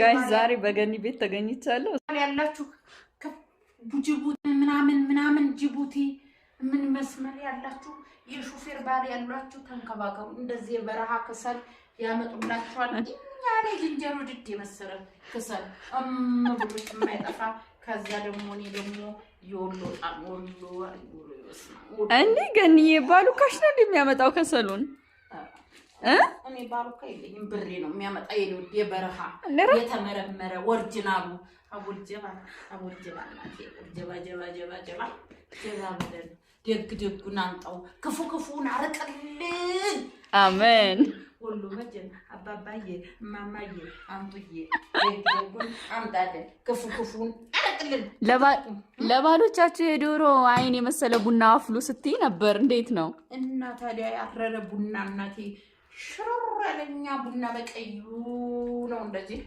ጋይ ዛሬ በገኒ ቤት ተገኝቻለሁ። ያላችሁ ጅቡቲ ምናምን ምናምን ጅቡቲ ምን መስመር ያላችሁ የሹፌር ባል ያሏችሁ ተንከባከቡ። እንደዚህ የበረሃ ክሰል ያመጡላችኋል። እኛ ላይ ዝንጀሮ ድድ የመሰለ ክሰል እምብሎች የማይጠፋ ከዛ ደግሞ እኔ ደግሞ የወሎ ጣም ወሎ እንዲህ ገኒዬ ባሉ ካሽ ነው የሚያመጣው ከሰሉን እኔ ባሩካ የለኝም ብሬ ነው የሚያመጣ የልውድ የበረሃ የተመረመረ ወርጅናሉ አቦልጀባ አቦልጀባ ጀባ ጀባ ጀባ ጀባ ጀባ ብለን ደግ ደጉን አንጣው ክፉ ክፉን አርቅልን። አሜን ሁሉ መጀን አባባዬ ማማዬ አንቱዬ ደጉን አምጣለን ክፉ ክፉን አርቅልን። ለባሎቻችሁ የዶሮ አይን የመሰለ ቡና አፍሉ ስትይ ነበር። እንዴት ነው እና ታዲያ ያረረ ቡና እናቴ ሽሩር ያለኛ ቡና በቀዩ ነው እንደዚህ።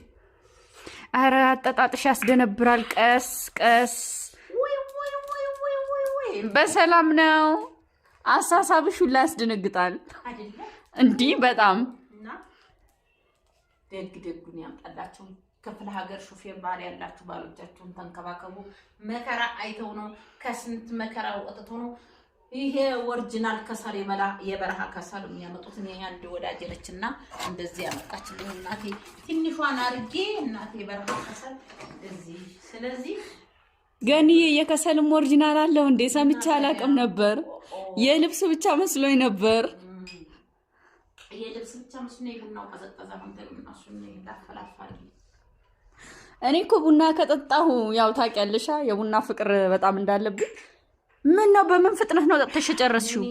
አረ አጠጣጥሽ ያስደነብራል። ቀስ ቀስ በሰላም ነው። አሳሳብሽ ሁላ ያስደነግጣል። እንዲህ በጣም ደግ ደጉን ያምጣላቸው። ክፍለ ሀገር ሹፌር ባል ያላችሁ ባሎቻችሁን ተንከባከቡ። መከራ አይተው ነው ከስንት መከራ ወጥቶ ነው ይሄ ኦሪጂናል ከሰል የበረሃ ከሰል የሚያመጡት እኔ አንድ ወዳጅ ነች እና እንደዚህ ያመጣችልኝ እናቴ፣ ትንሿን አድርጌ እናቴ የበረሃ ከሰል እዚህ። ስለዚህ ገኒዬ የከሰልም ኦሪጂናል አለው እንዴ? ሰምቼ አላውቅም ነበር። የልብስ ብቻ መስሎኝ ነበር። እኔ እኮ ቡና ከጠጣሁ ያው ታውቂያለሽ፣ የቡና ፍቅር በጣም እንዳለብኝ ምን ነው? በምን ፍጥነት ነው ጠጥተሽ የጨረስሽው?